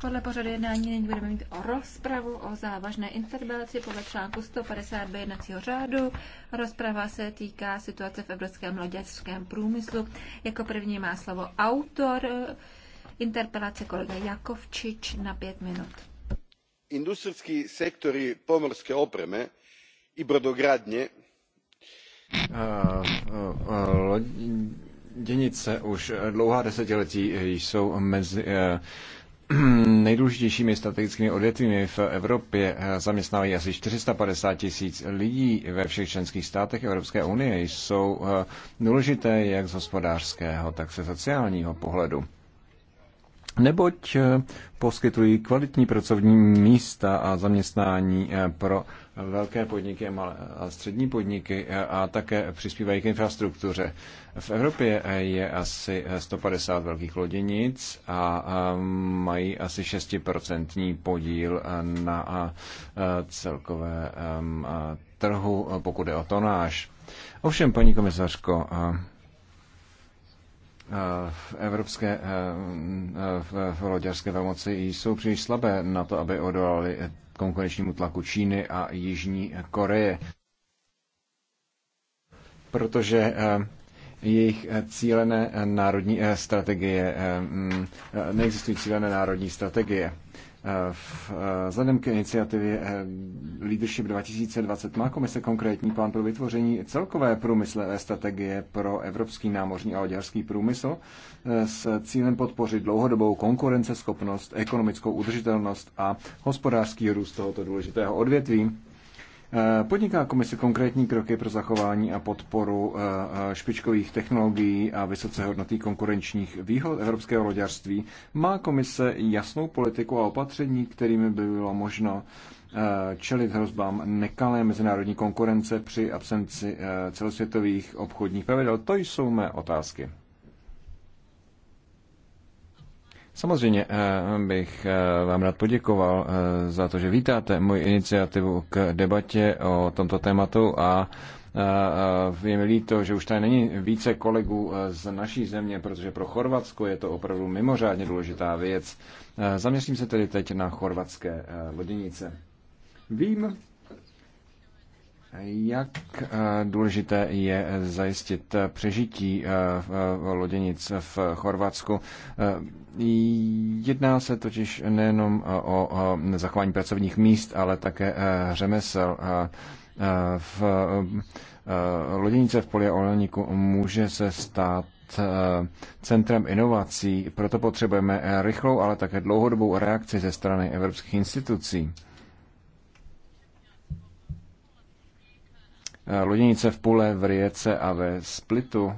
Podle pořadu jednání nyní budeme mít o rozpravu o závažné interpelaci podle článku 152 jednacího řádu. Rozprava se týká situace v evropském loděřském průmyslu. Jako první má slovo autor eh, interpelace kolega Jakovčič na pět minut. Industrijski sektory Pomorské opreme i uh, Děnice už dlouhá desetiletí jsou mezi nejdůležitějšími strategickými odvětvími v Evropě eh, zaměstnávají asi 450 tisíc lidí ve všech členských státech Evropské unie. Jsou eh, důležité jak z hospodářského, tak se sociálního pohledu. Neboť eh, poskytují kvalitní pracovní místa a zaměstnání pro velké podniky a střední podniky a také přispívají k infrastruktuře. V Evropě je asi 150 velkých loděnic a mají asi 6% podíl na celkové trhu, pokud je o tonáž. Ovšem, paní komisařko, v evropské eh, eh, v loďarské velmoci jsou příliš slabé na to, aby odolali konkurenčnímu tlaku Číny a Jižní Koreje. Protože eh, jejich cílené národní strategie, mm, neexistují cílené národní strategie. Eh, vzhledem k iniciativě eh, Leadership 2020 má komise konkrétní plán pro vytvoření celkové průmyslové strategie pro evropský námořní a oděrský průmysl eh, s cílem podpořit dlouhodobou konkurenceschopnost, ekonomickou udržitelnost a hospodářský růst tohoto důležitého odvětví. Eh, podniká komise konkrétní kroky pro zachování a podporu eh, eh, špičkových technologií a vysoce hodnotý konkurenčních výhod evropského loďařství? Má komise jasnou politiku a opatření, kterými by bylo možno čelit hrozbám nekalé mezinárodní konkurence při absenci celosvětových obchodních pravidel? To jsou mé otázky. Samozřejmě eh, bych eh, vám rád poděkoval eh, za to, že vítáte moji iniciativu k debatě o tomto tématu a je mi líto, že už tady není více kolegů z naší země, protože pro Chorvatsko je to opravdu mimořádně důležitá věc. Zaměřím se tedy teď na chorvatské loděnice. Vím, jak eh, důležité je zajistit eh, přežití eh, loděnic v Chorvatsku? Jedná se totiž nejenom o zachování pracovních míst, ale také řemesel. V loděnice v polioleníku může se stát centrem inovací, proto potřebujeme rychlou, ale také dlouhodobou reakci ze strany evropských institucí. loděnice v Pule, v Rijece a ve Splitu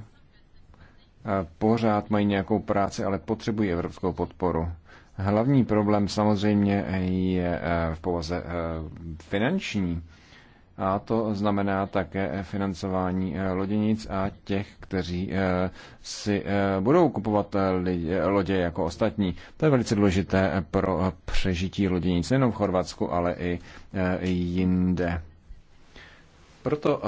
pořád mají nějakou práci, ale potřebují evropskou podporu. Hlavní problém samozřejmě je e, v povaze e, finanční. A to znamená také financování e, loděnic a těch, kteří si budou kupovat lodě jako ostatní. To je velice důležité pro přežití loděnic nejenom v Chorvatsku, ale i jinde. Proto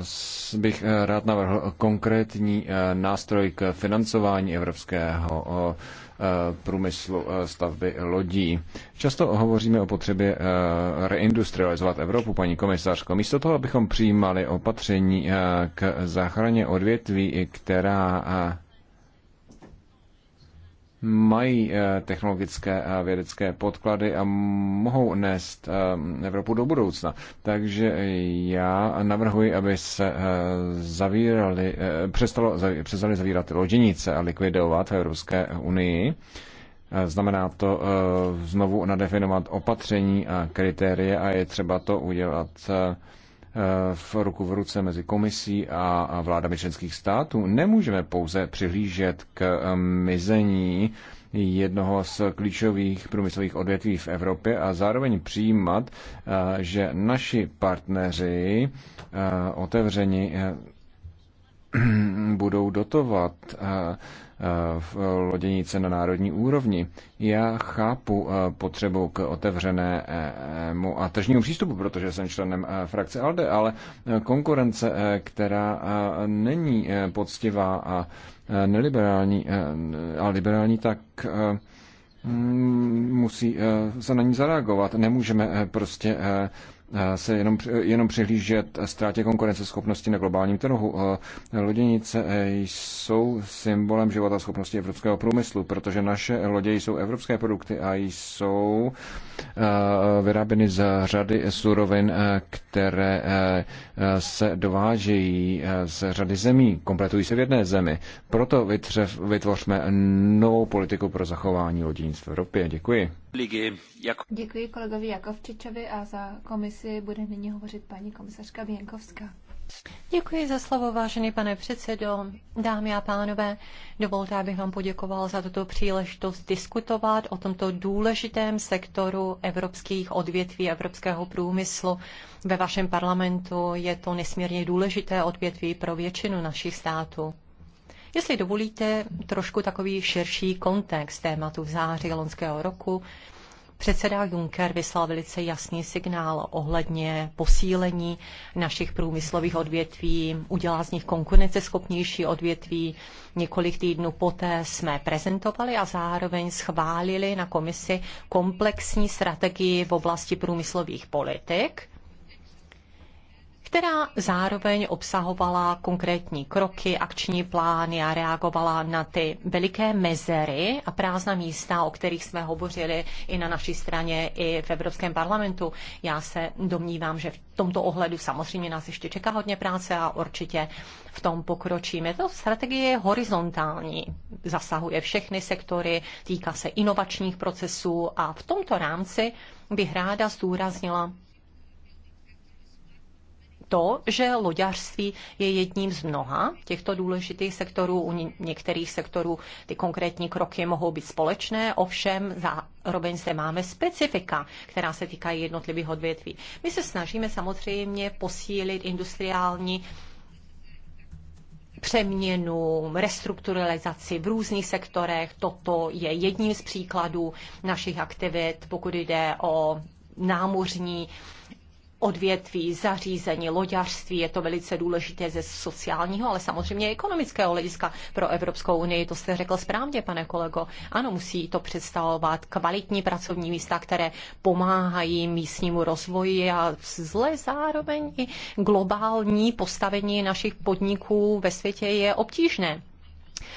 eh, bych eh, rád navrhl konkrétní eh, nástroj k financování evropského průmyslu stavby lodí. Často hovoříme o potřebě reindustrializovat Evropu, paní komisařko. Místo toho, abychom přijímali opatření k záchraně odvětví, která mají eh, technologické a vědecké podklady a mohou nést eh, Evropu do budoucna. Takže já navrhuji, aby se eh, zavírali, přestalo, přestali zavírat loděnice a likvidovat v Evropské unii. Znamená to znovu nadefinovat opatření a kritérie a je třeba to udělat Eh, v ruku v ruce mezi komisí a vládami členských států. Nemůžeme pouze přihlížet k eh, mizení jednoho z klíčových průmyslových odvětví v Evropě a zároveň přijímat, eh, že naši partneři otevření budou dotovat Eh, v eh, loděnice na národní úrovni. Já chápu eh, potřebu k otevřenému a tržnímu přístupu, protože jsem členem frakce ALDE, ale konkurence, která není poctivá a neliberální, a liberální, tak mm, musí se na ní zareagovat. Nemůžeme prostě Eh, se jenom, jenom přihlížet ztrátě konkurenceschopnosti na globálním trhu. Eh, loděnice eh, jsou symbolem života schopnosti evropského průmyslu, protože naše lodě jsou evropské produkty a jsou vyráběny z řady surovin, které se dovážejí z řady zemí, kompletují se v jedné zemi. Proto vytvořme novou politiku pro zachování loděnic v Evropě. Děkuji. Děkuji kolegovi Jakovčičovi a za komisi bude nyní hovořit paní komisařka Věnkovská. Děkuji za slovo, vážený pane předsedo. Dámy a pánové, dovolte, abych vám poděkoval za tuto příležitost diskutovat o tomto důležitém sektoru evropských odvětví, evropského průmyslu. Ve vašem parlamentu je to nesmírně důležité odvětví pro většinu našich států. Jestli dovolíte trošku takový širší kontext tématu v září loňského roku, Předseda Juncker vyslal velice jasný signál ohledně posílení našich průmyslových odvětví, udělá z nich konkurenceschopnější odvětví. Několik týdnů poté jsme prezentovali a zároveň schválili na komisi komplexní strategii v oblasti průmyslových politik která zároveň obsahovala konkrétní kroky, akční plány a reagovala na ty veliké mezery a prázdná místa, o kterých jsme hovořili i na naší straně, i v Evropském parlamentu. Já se domnívám, že v tomto ohledu samozřejmě nás ještě čeká hodně práce a určitě v tom pokročíme. To strategie je horizontální, zasahuje všechny sektory, týká se inovačních procesů a v tomto rámci bych ráda zdůraznila to, že loďařství je jedním z mnoha těchto důležitých sektorů. U některých sektorů ty konkrétní kroky mohou být společné, ovšem zároveň se máme specifika, která se týkají jednotlivých odvětví. My se snažíme samozřejmě posílit industriální přeměnu, restrukturalizaci v různých sektorech. Toto je jedním z příkladů našich aktivit, pokud jde o námořní odvětví, zařízení, loďařství. Je to velice důležité ze sociálního, ale samozřejmě ekonomického hlediska pro Evropskou unii. To jste řekl správně, pane kolego. Ano, musí to představovat kvalitní pracovní místa, které pomáhají místnímu rozvoji a zle zároveň i globální postavení našich podniků ve světě je obtížné.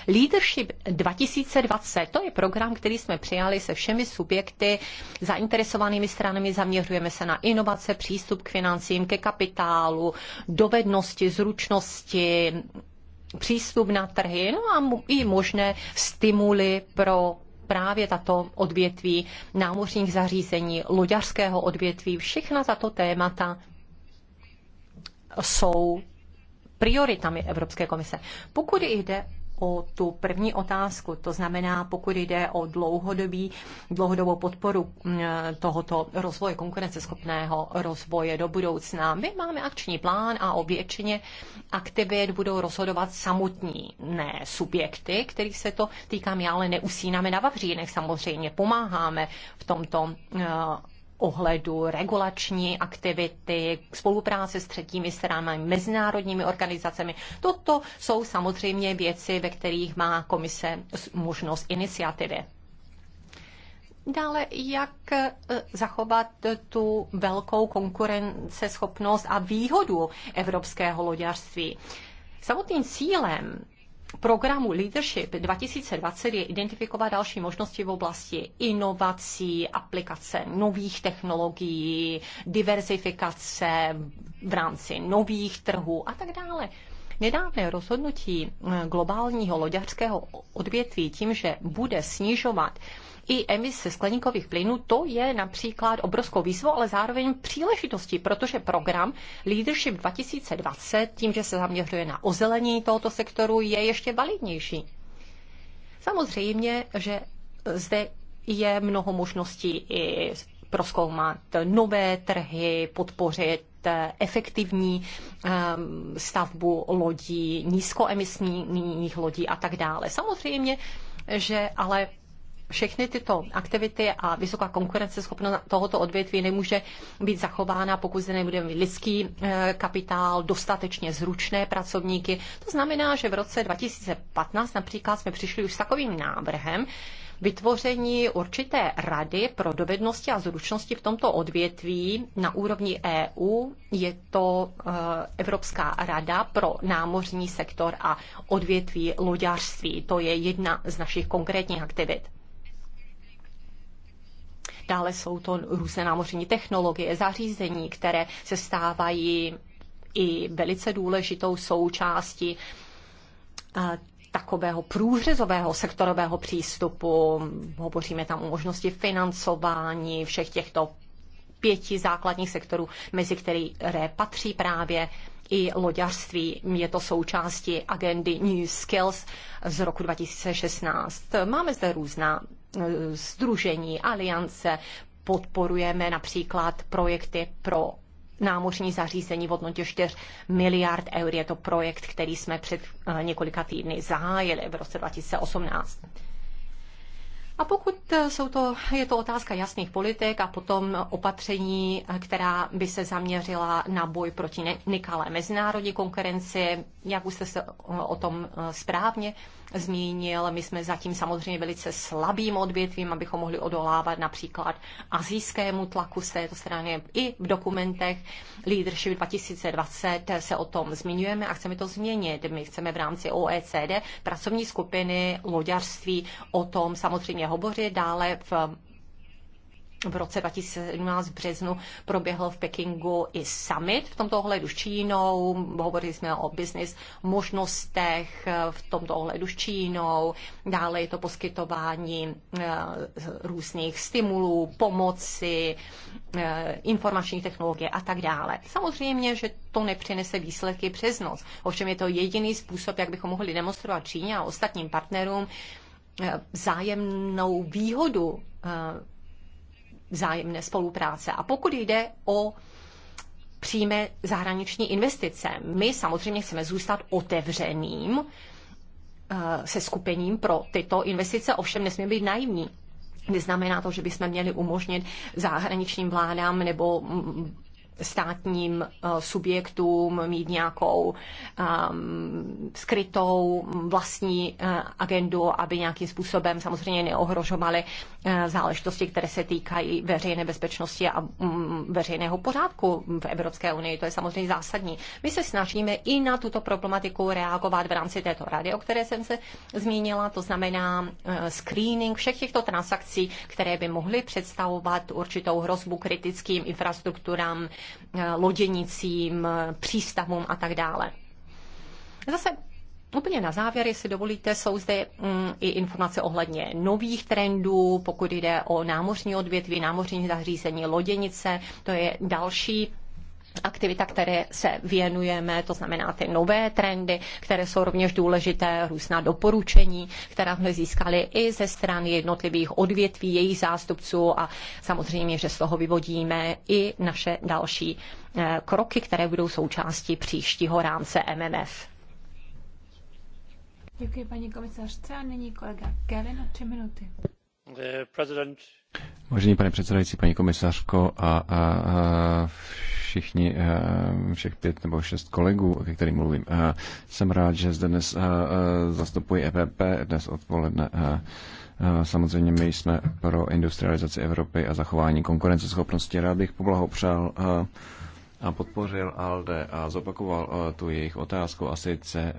Leadership 2020, to je program, který jsme přijali se všemi subjekty, zainteresovanými stranami, zaměřujeme se na inovace, přístup k financím, ke kapitálu, dovednosti, zručnosti, přístup na trhy, no a i možné stimuly pro právě tato odvětví námořních zařízení, loďařského odvětví, všechna tato témata jsou prioritami Evropské komise. Pokud jde o tu první otázku, to znamená, pokud jde o dlouhodobý, dlouhodobou podporu mm, tohoto rozvoje, konkurenceschopného rozvoje do budoucna. My máme akční plán a o většině aktivit budou rozhodovat samotní ne subjekty, kterých se to týká. My ale neusínáme na vavřínech samozřejmě, pomáháme v tomto eh, ohledu regulační aktivity, spolupráce s třetími stranami, mezinárodními organizacemi. Toto jsou samozřejmě věci, ve kterých má komise možnost iniciativy. Dále, jak e, zachovat tu velkou konkurenceschopnost a výhodu evropského loďařství. Samotným cílem programu Leadership 2020 je identifikovat další možnosti v oblasti inovací, aplikace nových technologií, diversifikace v rámci nových trhů a tak dále. Nedávné rozhodnutí globálního loďařského odvětví tím, že bude snižovat i emise skleníkových plynů, to je například obrovskou výzvou, ale zároveň příležitostí, protože program Leadership 2020, tím, že se zaměřuje na ozelení tohoto sektoru, je ještě validnější. Samozřejmě, že zde je mnoho možností i proskoumat nové trhy, podpořit eh, efektivní ehm, stavbu lodí, nízkoemisních lodí a tak dále. Samozřejmě, že ale všechny tyto aktivity a vysoká konkurenceschopnost tohoto odvětví nemůže být zachována, pokud zde nebudeme mít lidský eh, kapitál, dostatečně zručné pracovníky. To znamená, že v roce 2015 například jsme přišli už s takovým návrhem, vytvoření určité rady pro dovednosti a zručnosti v tomto odvětví na úrovni EU. Je to eh, Evropská rada pro námořní sektor a odvětví loďařství. To je jedna z našich konkrétních aktivit. Dále jsou to různé námořní technologie, zařízení, které se stávají i velice důležitou součástí eh, takového průřezového sektorového přístupu. Hovoříme tam o možnosti financování všech těchto pěti základních sektorů, mezi které patří právě i loďařství. Je to součástí agendy New Skills z roku 2016. Máme zde různá združení, eh, aliance, podporujeme například projekty pro námořní zařízení v hodnotě 4 miliard eur. Je to projekt, který jsme před eh, několika týdny zahájili v roce 2018. A pokud eh, jsou to, je to otázka jasných politik a potom opatření, která by se zaměřila na boj proti nekalé mezinárodní konkurenci, jak už jste se o tom správně zmínil. My jsme zatím samozřejmě velice slabým odvětvím, abychom mohli odolávat například azijskému tlaku z této strany. I v dokumentech Leadership 2020 se o tom zmiňujeme a chceme to změnit. My chceme v rámci OECD pracovní skupiny loďařství o tom samozřejmě hovořit dále v v roce 2017 v březnu proběhl v Pekingu i summit v tomto ohledu s Čínou. Hovořili jsme o business možnostech v tomto ohledu s Čínou. Dále je to poskytování eh, různých stimulů, pomoci, eh, informačních technologie a tak dále. Samozřejmě, že to nepřinese výsledky přes noc. Ovšem je to jediný způsob, jak bychom mohli demonstrovat Číně a ostatním partnerům eh, vzájemnou výhodu vzájemné spolupráce. A pokud jde o přímé zahraniční investice, my samozřejmě chceme zůstat otevřeným eh, se skupením pro tyto investice, ovšem nesmí být naivní. Neznamená to, že bychom měli umožnit zahraničním vládám nebo mm, státním eh, subjektům mít nějakou um, skrytou vlastní eh, agendu, aby nějakým způsobem samozřejmě neohrožovaly eh, záležitosti, které se týkají veřejné bezpečnosti a mm, veřejného pořádku v Evropské unii. To je samozřejmě zásadní. My se snažíme i na tuto problematiku reagovat v rámci této rady, o které jsem se zmínila, to znamená screening všech těchto transakcí, které by mohly představovat určitou hrozbu kritickým infrastrukturám, Eh, loděnicím, eh, přístavům a tak dále. Zase Úplně na závěr, jestli dovolíte, jsou zde mm, i informace ohledně nových trendů, pokud jde o námořní odvětví, námořní zařízení, loděnice. To je další aktivita, které se věnujeme, to znamená ty nové trendy, které jsou rovněž důležité, různá doporučení, která jsme získali i ze strany jednotlivých odvětví, jejich zástupců a samozřejmě, že z toho vyvodíme i naše další eh, kroky, které budou součástí příštího rámce MMF. Děkuji paní komisařce a nyní kolega Kevin o tři minuty. Eh, Vážený pane předsedající, paní komisařko a, a, a všichni, eh, všech pět nebo šest kolegů, ke kterým mluvím. Eh, jsem rád, že zde dnes eh, zastupuji EPP, dnes odpoledne. Samozřejmě my jsme pro industrializaci Evropy a zachování konkurenceschopnosti. Rád bych poblahopřál a podpořil ALDE a zopakoval tu jejich otázku a sice,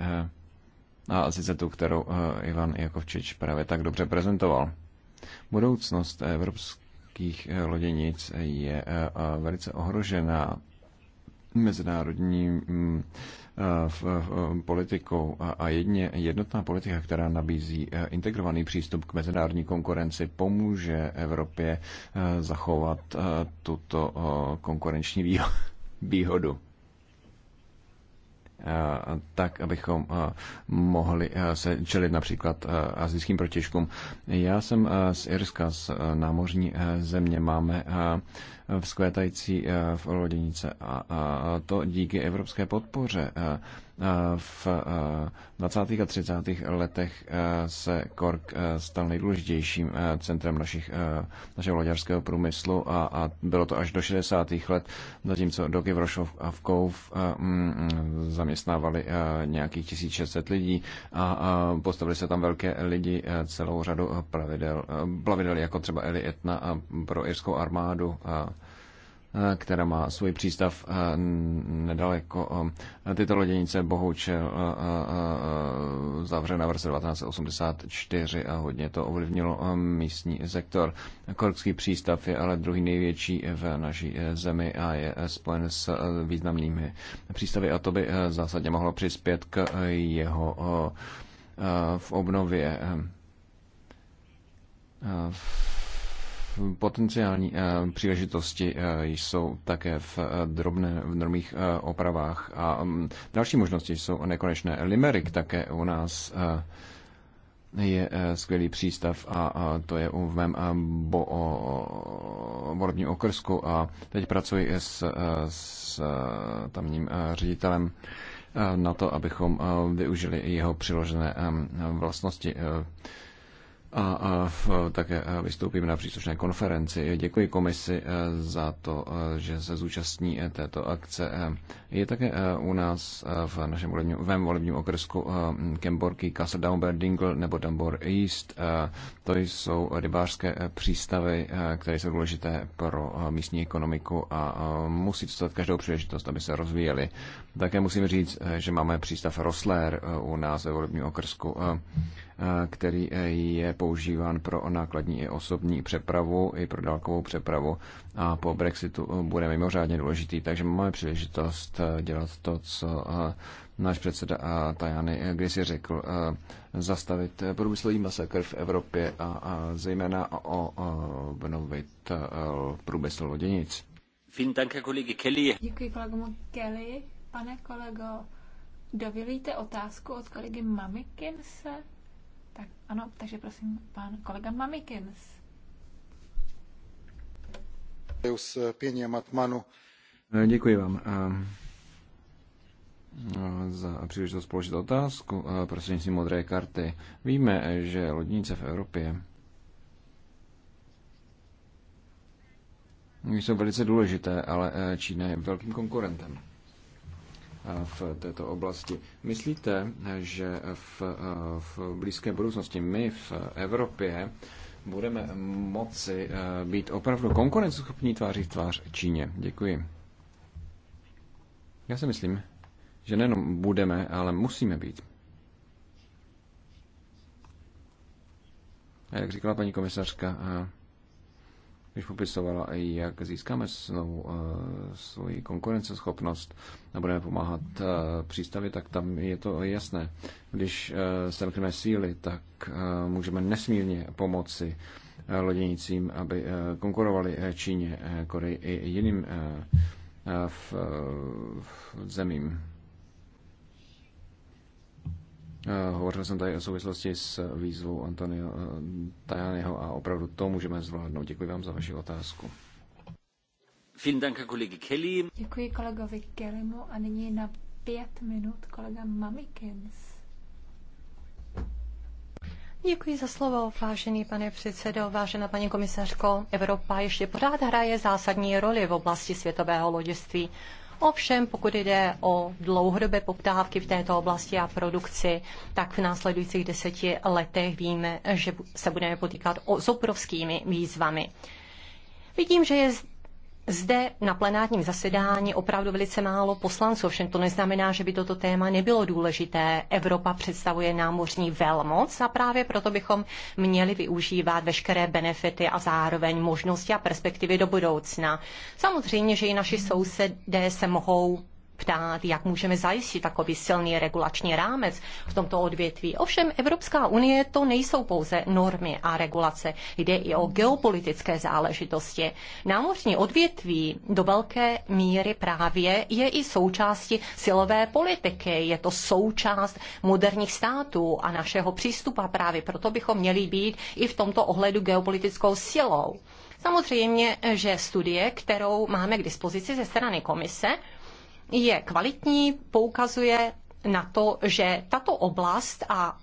a sice tu, kterou Ivan Jakovčič právě tak dobře prezentoval. Budoucnost Evropské amerických eh, loděnic je eh, velice ohrožená mezinárodní mm, eh, v, politikou a jedně jednotná politika, která nabízí integrovaný přístup k mezinárodní konkurenci, pomůže Evropě zachovat tuto konkurenční výhodu. Eh, tak, abychom eh, mohli eh, se čelit například azijským protěžkům. Já jsem z Irska, z námořní země, máme vzkvétající eh, v loděnice. A to díky evropské podpoře. Eh, eh, v 20. a 30. letech se Kork stal nejdůležitějším centrem našich, našeho loďarského průmyslu a, a bylo to až do 60. let, zatímco do Kivrošov a v Kouf mm, zaměstnávali nějakých 1600 lidí a postavili se tam velké lidi celou řadu plavidel, plavidel, jako třeba Eli Etna pro irskou armádu a která má svůj přístav eh, nedaleko. Eh, tyto loděnice bohužel zavřena v roce 1984 a hodně to ovlivnilo eh, místní sektor. Korkský přístav je ale druhý největší v naší zemi a je spojen s významnými přístavy a to by zásadně mohlo přispět k jeho v obnově v Potenciální eh, příležitosti eh, jsou také v, eh, drobné, v drobných opravách a mm, další možnosti jsou nekonečné. Limerick také u nás je skvělý přístav a to je v mém bo, volebním okrsku a teď pracuji s, s tamním ředitelem na to, abychom využili jeho přiložené vlastnosti a, a také e, vystoupím na příslušné konferenci. Děkuji komisi e, za to, e, že se zúčastní této akce. Je také u nás v našem volebním, volebním okresku Kemborky, Castle Downbear Dingle nebo Dunbar East. To jsou rybářské přístavy, které jsou důležité pro místní ekonomiku a musí dostat každou příležitost, aby se rozvíjeli. Také musím říct, že máme přístav Rosler u nás ve volebním okrsku který eh, je používán pro nákladní i osobní přepravu, i pro dálkovou přepravu a po Brexitu eh, bude mimořádně důležitý, takže máme příležitost eh, dělat to, co náš předseda Tajany si řekl, zastavit průmyslový masakr v Evropě a zejména o obnovit průmysl loděnic. Děkuji kolegomu Kelly. Pane kolego, dovolíte otázku od kolegy Mamikinse? Tak ano, takže prosím, pan kolega Mamikins. Eh, eh, děkuji vám eh, za příležitost položit otázku prosím si modré karty. Víme, že lodnice v Evropě jsou velice důležité, ale Čína je velkým konkurentem v této oblasti. Myslíte, že v, v blízké budoucnosti my v Evropě budeme moci eh, být opravdu konkurenceschopní tváří v tvář Číně? Děkuji. Já si myslím, že nejenom budeme, ale musíme být. A jak říkala paní komisařka, eh, když popisovala, jak získáme znovu eh, svoji konkurenceschopnost a budeme pomáhat eh, přístavě, tak tam je to jasné. Když eh, semkneme síly, tak můžeme nesmírně pomoci loděnicím, aby konkurovali Číně, Koreji i jiným v zemím. Eh, hovořil jsem tady o souvislosti s výzvou Antonio eh, Tajaniho a opravdu to můžeme zvládnout. Děkuji vám za vaši otázku. Děkuji kolegovi Kellymu a nyní na pět minut kolega Mamikins. Děkuji za slovo, vážený pane předsedo, vážená paní komisařko. Evropa ještě pořád hraje zásadní roli v oblasti světového loděství. Ovšem, pokud jde o dlouhodobé poptávky v této oblasti a produkci, tak v následujících deseti letech víme, že se budeme potýkat s obrovskými výzvami. Vidím, že je zde na plenárním zasedání opravdu velice málo poslanců, ovšem to neznamená, že by toto téma nebylo důležité. Evropa představuje námořní velmoc a právě proto bychom měli využívat veškeré benefity a zároveň možnosti a perspektivy do budoucna. Samozřejmě, že i naši sousedé se mohou ptát, jak můžeme zajistit takový silný regulační rámec v tomto odvětví. Ovšem Evropská unie to nejsou pouze normy a regulace, jde i o geopolitické záležitosti. Námořní odvětví do velké míry právě je i součástí silové politiky, je to součást moderních států a našeho přístupu a právě proto bychom měli být i v tomto ohledu geopolitickou silou. Samozřejmě, že studie, kterou máme k dispozici ze strany komise, je kvalitní, poukazuje na to, že tato oblast a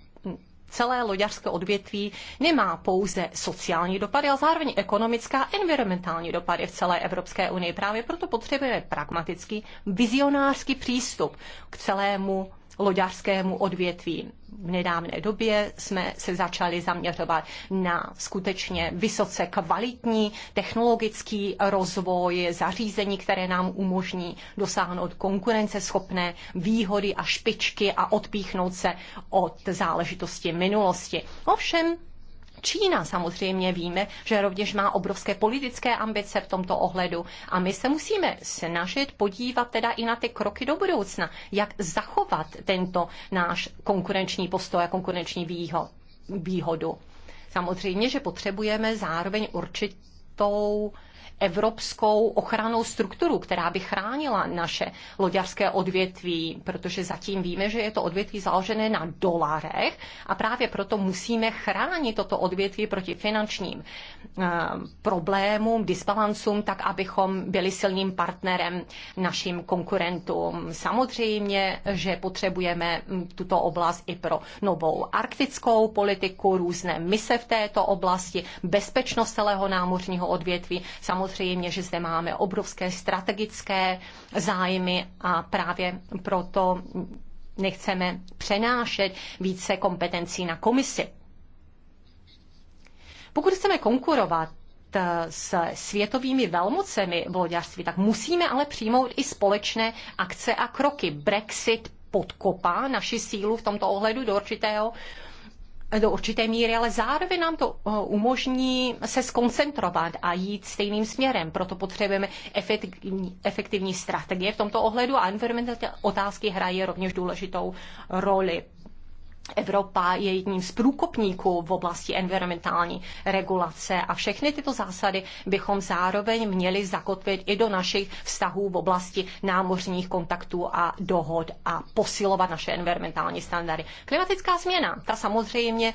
celé loďařské odvětví nemá pouze sociální dopady, ale zároveň ekonomická a environmentální dopady v celé Evropské unii. Právě proto potřebujeme pragmatický, vizionářský přístup k celému loďařskému odvětví. V nedávné době jsme se začali zaměřovat na skutečně vysoce kvalitní technologický rozvoj zařízení, které nám umožní dosáhnout konkurenceschopné výhody a špičky a odpíchnout se od záležitosti minulosti. Ovšem, Čína samozřejmě víme, že rovněž má obrovské politické ambice v tomto ohledu a my se musíme snažit podívat teda i na ty kroky do budoucna, jak zachovat tento náš konkurenční postoj a konkurenční výhodu. Samozřejmě, že potřebujeme zároveň určitou evropskou ochranou strukturu, která by chránila naše loďarské odvětví, protože zatím víme, že je to odvětví založené na dolarech a právě proto musíme chránit toto odvětví proti finančním eh, problémům, disbalancům, tak abychom byli silným partnerem našim konkurentům. Samozřejmě, že potřebujeme hm, tuto oblast i pro novou arktickou politiku, různé mise v této oblasti, bezpečnost celého námořního odvětví. Samozřejmě samozřejmě, že zde máme obrovské strategické zájmy a právě proto nechceme přenášet více kompetencí na komisi. Pokud chceme konkurovat eh, s světovými velmocemi v loďařství, tak musíme ale přijmout i společné akce a kroky. Brexit podkopá naši sílu v tomto ohledu do určitého uh, do určité míry, ale zároveň nám to eh, umožní se skoncentrovat a jít stejným směrem. Proto potřebujeme efektivní, efektivní strategie v tomto ohledu a environmentální otázky hrají rovněž důležitou roli. Evropa je jedním z průkopníků v oblasti environmentální regulace a všechny tyto zásady bychom zároveň měli zakotvit i do našich vztahů v oblasti námořních kontaktů a dohod a posilovat naše environmentální standardy. Klimatická změna, ta samozřejmě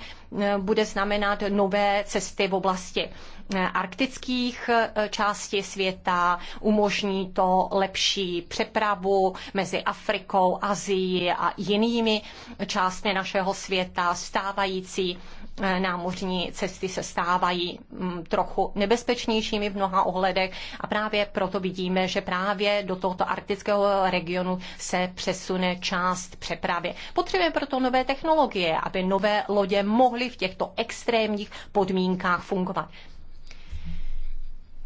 bude znamenat nové cesty v oblasti eh, arktických eh, částí světa, umožní to lepší přepravu mezi Afrikou, Azií a jinými částmi našeho světa, stávající Eh, námořní cesty se stávají mm, trochu nebezpečnějšími v mnoha ohledech a právě proto vidíme, že právě do tohoto arktického regionu se přesune část přepravy. Potřebujeme proto nové technologie, aby nové lodě mohly v těchto extrémních podmínkách fungovat.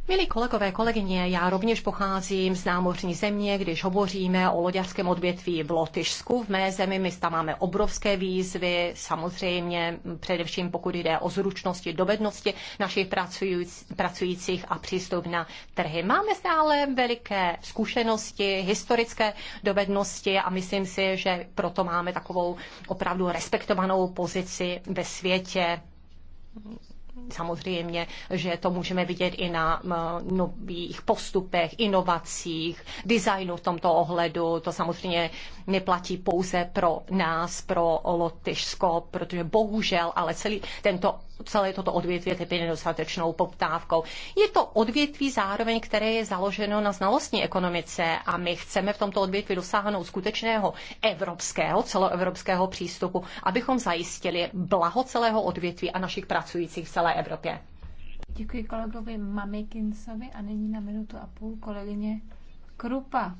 Milí kolegové, kolegyně, já rovněž pocházím z námořní země, když hovoříme o loďařském odvětví v Lotyšsku. V mé zemi my tam máme obrovské výzvy, samozřejmě především pokud jde o zručnosti, dovednosti našich pracujících a přístup na trhy. Máme stále veliké zkušenosti, historické dovednosti a myslím si, že proto máme takovou opravdu respektovanou pozici ve světě Samozřejmě, že to můžeme vidět i na nových postupech, inovacích, designu v tomto ohledu. To samozřejmě neplatí pouze pro nás, pro Lotyšsko, protože bohužel, ale celý tento celé toto odvětví tedy nedostatečnou poptávkou. Je to odvětví zároveň, které je založeno na znalostní ekonomice a my chceme v tomto odvětví dosáhnout skutečného evropského, celoevropského přístupu, abychom zajistili blaho celého odvětví a našich pracujících v celé Evropě. Děkuji kolegovi Mamikinsovi a nyní na minutu a půl kolegyně Krupa.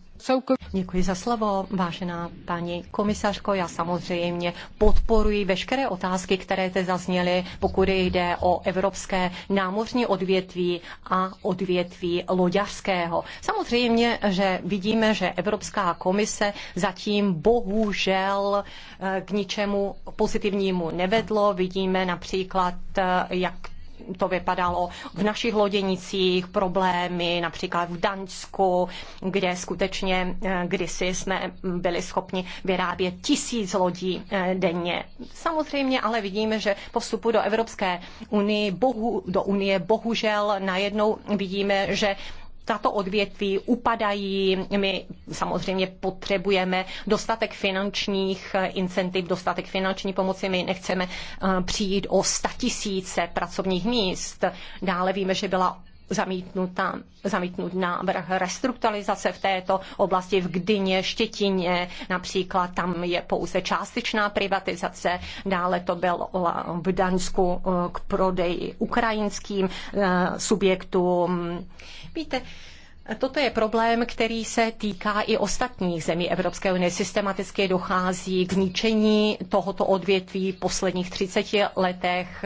Děkuji za slovo, vážená paní komisařko. Já samozřejmě podporuji veškeré otázky, které te zazněly, pokud jde o evropské námořní odvětví a odvětví loďařského. Samozřejmě, že vidíme, že Evropská komise zatím bohužel eh, k ničemu pozitivnímu nevedlo. Vidíme například, eh, jak to vypadalo v našich loděnicích, problémy například v Daňsku, kde skutečně eh, kdysi jsme byli schopni vyrábět tisíc lodí eh, denně. Samozřejmě ale vidíme, že po vstupu do Evropské unie, bohu, do Unie bohužel najednou vidíme, že tato odvětví upadají. My samozřejmě potřebujeme dostatek finančních incentiv, dostatek finanční pomoci. My nechceme eh, přijít o statisíce pracovních míst. Dále víme, že byla zamítnuta, zamítnut návrh restrukturalizace v této oblasti v Gdyně, Štětině, například tam je pouze částečná privatizace, dále to bylo v Dansku eh, k prodeji ukrajinským eh, subjektům. Víte, Toto je problém, který se týká i ostatních zemí Evropské unie. Systematicky dochází k ničení tohoto odvětví v posledních 30 letech,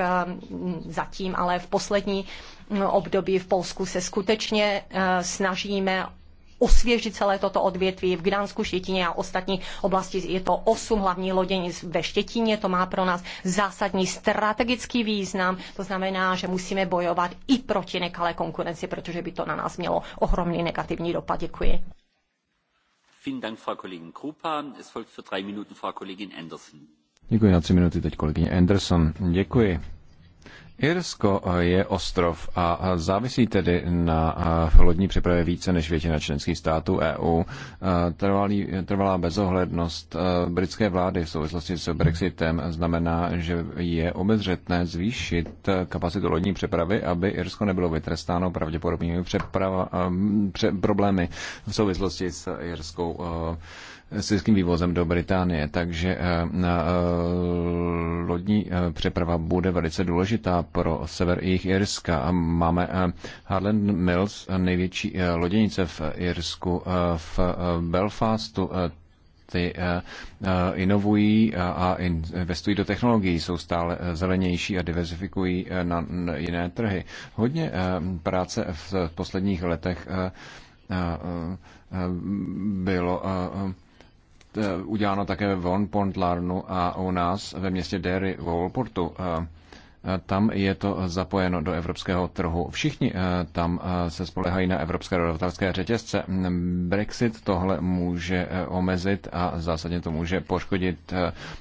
mm, zatím ale v poslední mm, období v Polsku se skutečně eh, snažíme osvěžit celé toto odvětví v Gdansku, Štětině a ostatních oblasti. Je to osm hlavní loděnic ve Štětině, to má pro nás zásadní strategický význam, to znamená, že musíme bojovat i proti nekalé konkurenci, protože by to na nás mělo ohromný negativní dopad. Děkuji. Děkuji na tři minuty teď kolegyně Anderson. Děkuji. Irsko je ostrov a závisí tedy na lodní přepravě více než většina členských států EU. Trvalý, trvalá bezohlednost britské vlády v souvislosti s Brexitem znamená, že je obezřetné zvýšit kapacitu lodní přepravy, aby Irsko nebylo vytrestáno pravděpodobnými pře, problémy v souvislosti s irskou s jistým vývozem do Británie. Takže lodní přeprava bude velice důležitá pro sever jejich Irska. A máme eh, Harland Mills, eh, největší eh, loděnice v Irsku, v Belfastu, ty inovují a investují do technologií, jsou stále zelenější a diverzifikují na jiné trhy. Hodně práce v posledních letech bylo uděláno také ve Pontlarnu a u nás ve městě Derry v Wolportu tam je to zapojeno do evropského trhu. Všichni eh, tam eh, se spolehají na evropské dodavatelské řetězce. Brexit tohle může eh, omezit a zásadně to může poškodit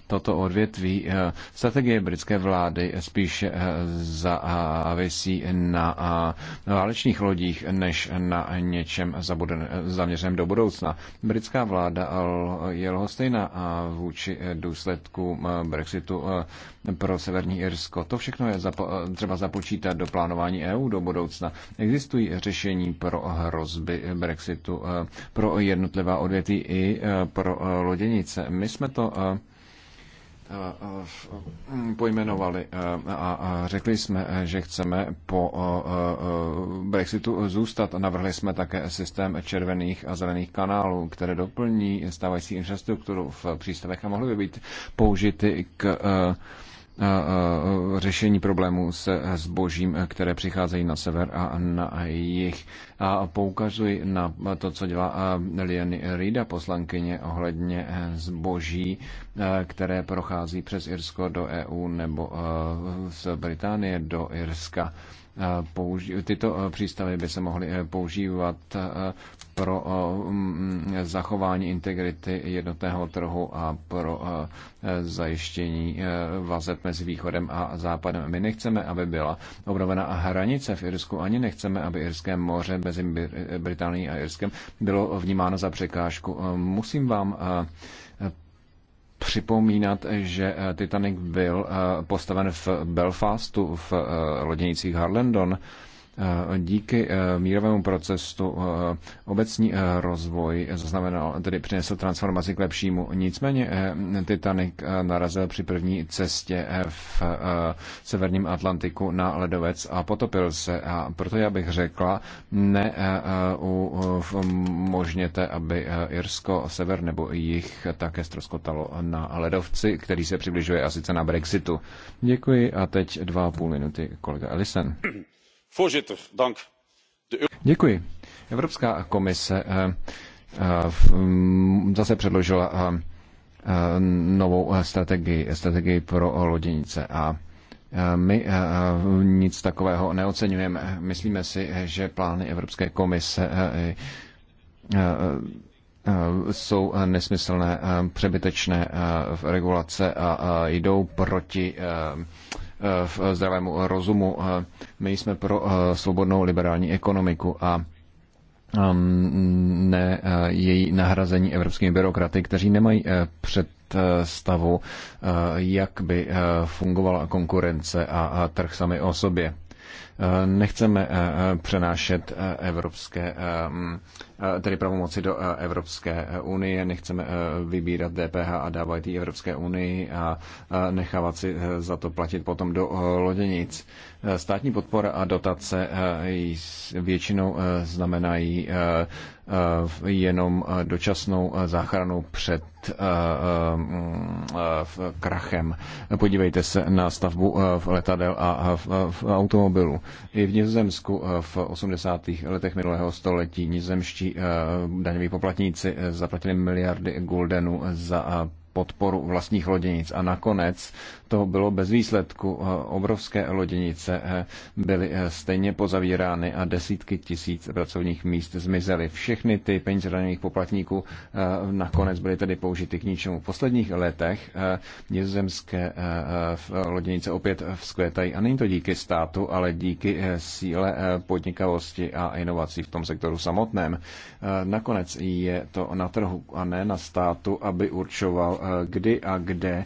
toto odvětví. Strategie britské vlády spíš závisí na válečných lodích, než na něčem zaměřeném do budoucna. Britská vláda je lhostejná vůči důsledkům Brexitu pro Severní Irsko. To vše všechno je zapo- třeba započítat do plánování EU do budoucna. Existují řešení pro hrozby Brexitu, eh, pro jednotlivá odvětví i eh, pro eh, loděnice. My jsme to pojmenovali a řekli jsme, že chceme po Brexitu zůstat. Navrhli jsme také systém červených a zelených kanálů, které doplní stávající infrastrukturu v přístavech a mohly by být použity k řešení problémů se zbožím, které přicházejí na sever a na jich. A poukazuji na to, co dělá Liany Rida, poslankyně ohledně e, zboží, e, které prochází přes Irsko do EU nebo e, z Británie do Irska. Eh, tyto eh, přístavy by se mohly eh, používat pro mm, mm, zachování integrity jednotného trhu a pro zajištění vazeb mezi východem a západem. My nechceme, aby byla obnovena hranice v Irsku, ani nechceme, aby Irské moře mezi Británií a Irskem bylo vnímáno za překážku. Musím vám připomínat, že eh, Titanic byl eh, postaven v Belfastu v eh, loděnicích Harlandon. Eh, díky eh, mírovému procesu eh, obecní rozvoj zaznamenal, tedy přinesl transformaci k lepšímu. Nicméně Titanic narazil při první cestě v severním Atlantiku na ledovec a potopil se. A proto já bych řekla, ne umožněte, aby Irsko, sever nebo jich také stroskotalo na ledovci, který se přibližuje a sice na Brexitu. Děkuji a teď dva a půl minuty kolega Ellison. Děkuji. Evropská komise eh, eh, zase předložila eh, novou strategii, strategii pro loděnice a my nic takového neocenujeme. Myslíme si, že plány Evropské komise jsou nesmyslné, přebytečné regulace a jdou proti v eh, zdravému rozumu. Eh, my jsme pro eh, svobodnou liberální ekonomiku a ehm, ne její nahrazení evropskými byrokraty, kteří nemají před stavu, jak by fungovala konkurence a trh sami o sobě. Nechceme přenášet evropské ehm, Eh, tedy pravomoci do eh, Evropské eh, unie, nechceme vybírat DPH a dávat ji Evropské unii a nechávat si za to platit potom do loděnic. Státní podpora a dotace většinou znamenají jenom dočasnou záchranu před mm, krachem. Podívejte se na stavbu letadel a v automobilu. I v Nizozemsku v 80. letech minulého století nizemští evropští eh, daňoví poplatníci eh, zaplatili miliardy guldenů za eh, podporu vlastních loděnic. A nakonec toho bylo bez výsledku. Eh, obrovské loděnice eh, byly eh, stejně pozavírány a desítky tisíc pracovních míst zmizely. Všechny ty peníze daných poplatníků nakonec byly tedy použity k ničemu. V posledních letech nizozemské loděnice opět vzkvětají a není to díky státu, ale díky síle podnikavosti a inovací v tom sektoru samotném. Nakonec je to na trhu a ne na státu, aby určoval, kdy a kde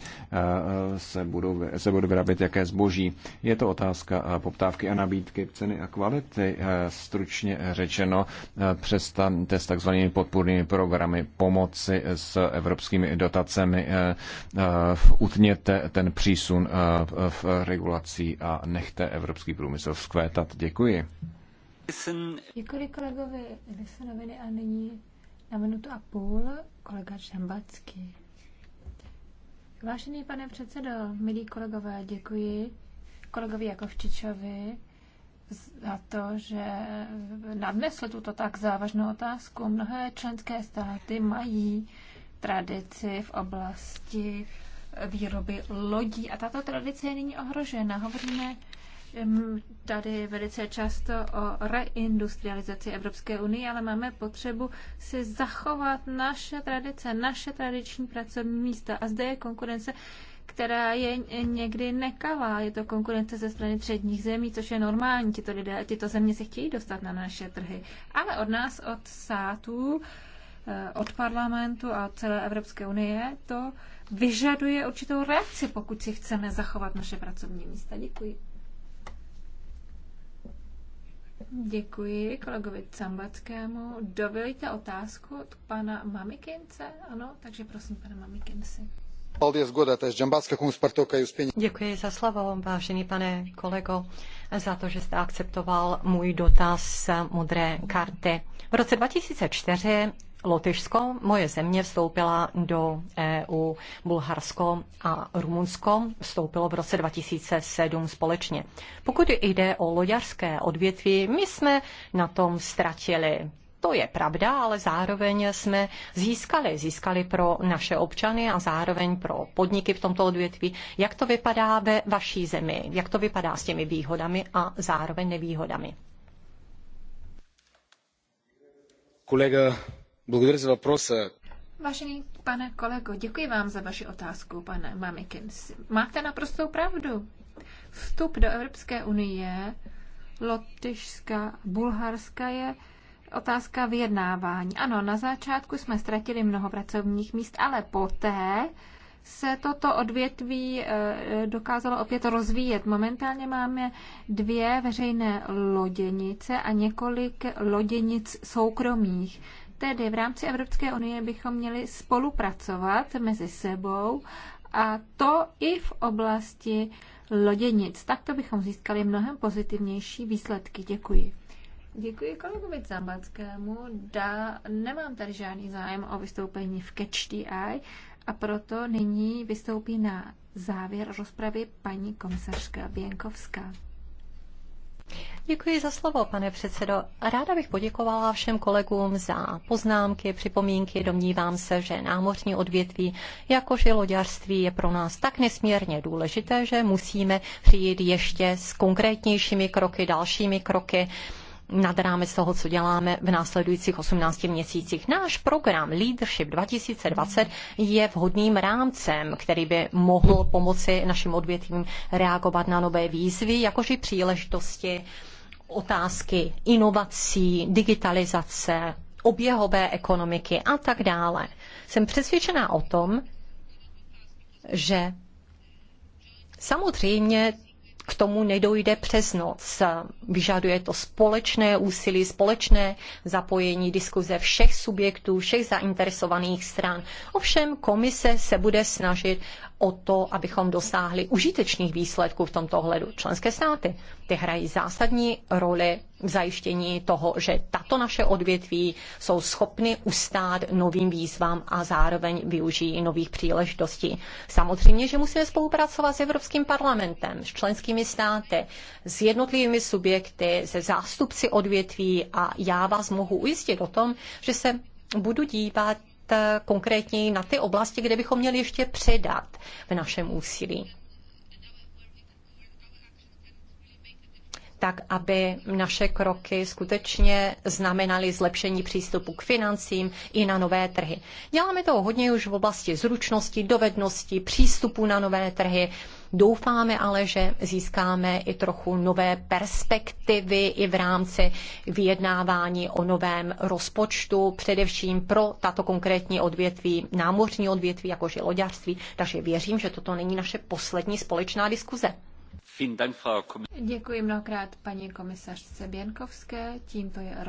se budou, se bude vyrábět jaké zboží. Je to otázka eh, poptávky a nabídky, ceny a kvality. Eh, stručně řečeno, eh, přestaňte s takzvanými podpůrnými programy pomoci s evropskými dotacemi. Utněte ten přísun v regulací a nechte evropský průmysl vzkvétat. Děkuji. Děkuji kolegovi Lisonovi a nyní na minutu a půl kolega Žambacký. Vážený pane předsedo, milí kolegové, děkuji kolegovi Jakovčičovi za to, že nadnesl tuto tak závažnou otázku. Mnohé členské státy mají tradici v oblasti výroby lodí a tato tradice je nyní ohrožena. Hovoříme tady velice často o reindustrializaci Evropské unie, ale máme potřebu si zachovat naše tradice, naše tradiční pracovní místa. A zde je konkurence, která je někdy nekalá. Je to konkurence ze strany třetních zemí, což je normální. Tito lidé, tyto země se chtějí dostat na naše trhy. Ale od nás, od států, eh, od parlamentu a od celé Evropské unie, to vyžaduje určitou reakci, pokud si chceme zachovat naše pracovní místa. Děkuji. Děkuji kolegovi Cambackému. Dovolíte otázku od pana Mamikince? Ano, takže prosím, pana Mamikince. Děkuji za slovo, vážený pane kolego, za to, že jste akceptoval můj dotaz modré karty. V roce 2004 Lotyšsko, moje země, vstoupila do EU, Bulharsko a Rumunsko vstoupilo v roce 2007 společně. Pokud jde o loďarské odvětví, my jsme na tom ztratili. To je pravda, ale zároveň jsme získali, získali pro naše občany a zároveň pro podniky v tomto odvětví. Jak to vypadá ve vaší zemi? Jak to vypadá s těmi výhodami a zároveň nevýhodami? Kolega Vážený pane kolego, děkuji vám za vaši otázku, pane Mamikins. Máte naprostou pravdu. Vstup do Evropské unie Lotyšska, Bulharska je otázka vyjednávání. Ano, na začátku jsme ztratili mnoho pracovních míst, ale poté se toto odvětví eh, dokázalo opět rozvíjet. Momentálně máme dvě veřejné loděnice a několik loděnic soukromých. Tedy v rámci Evropské unie bychom měli spolupracovat mezi sebou a to i v oblasti loděnic. Takto bychom získali mnohem pozitivnější výsledky. Děkuji. Děkuji kolegovi Zambackému. Da, nemám tady žádný zájem o vystoupení v Catch the Eye a proto nyní vystoupí na závěr rozpravy paní komisařka Běnkovská. Děkuji za slovo, pane předsedo. Ráda bych poděkovala všem kolegům za poznámky, připomínky. Domnívám se, že námořní odvětví, jakož i loďařství, je pro nás tak nesmírně důležité, že musíme přijít ještě s konkrétnějšími kroky, dalšími kroky nad rámec toho, co děláme v následujících 18 měsících. Náš program Leadership 2020 je vhodným rámcem, který by mohl pomoci našim odvětvím reagovat na nové výzvy, jakož i příležitosti, otázky inovací, digitalizace, oběhové ekonomiky a tak dále. Jsem přesvědčená o tom, že samozřejmě k tomu nedojde přes noc. Vyžaduje to společné úsilí, společné zapojení diskuze všech subjektů, všech zainteresovaných stran. Ovšem komise se bude snažit o to, abychom dosáhli užitečných výsledků v tomto ohledu. Členské státy ty hrají zásadní roli v zajištění toho, že tato naše odvětví jsou schopny ustát novým výzvám a zároveň využijí nových příležitostí. Samozřejmě, že musíme spolupracovat s Evropským parlamentem, s členskými státy, s jednotlivými subjekty, se zástupci odvětví a já vás mohu ujistit o tom, že se budu dívat Eh, konkrétněji na ty oblasti, kde bychom měli ještě předat v našem úsilí. tak aby naše kroky skutečně znamenaly zlepšení přístupu k financím i na nové trhy. Děláme to hodně už v oblasti zručnosti, dovedností, přístupu na nové trhy. Doufáme ale, že získáme i trochu nové perspektivy i v rámci vyjednávání o novém rozpočtu, především pro tato konkrétní odvětví, námořní odvětví, jakož i loďařství. Takže věřím, že toto není naše poslední společná diskuze. Děkuji mnohokrát paní komisařce Běnkovské. Tímto je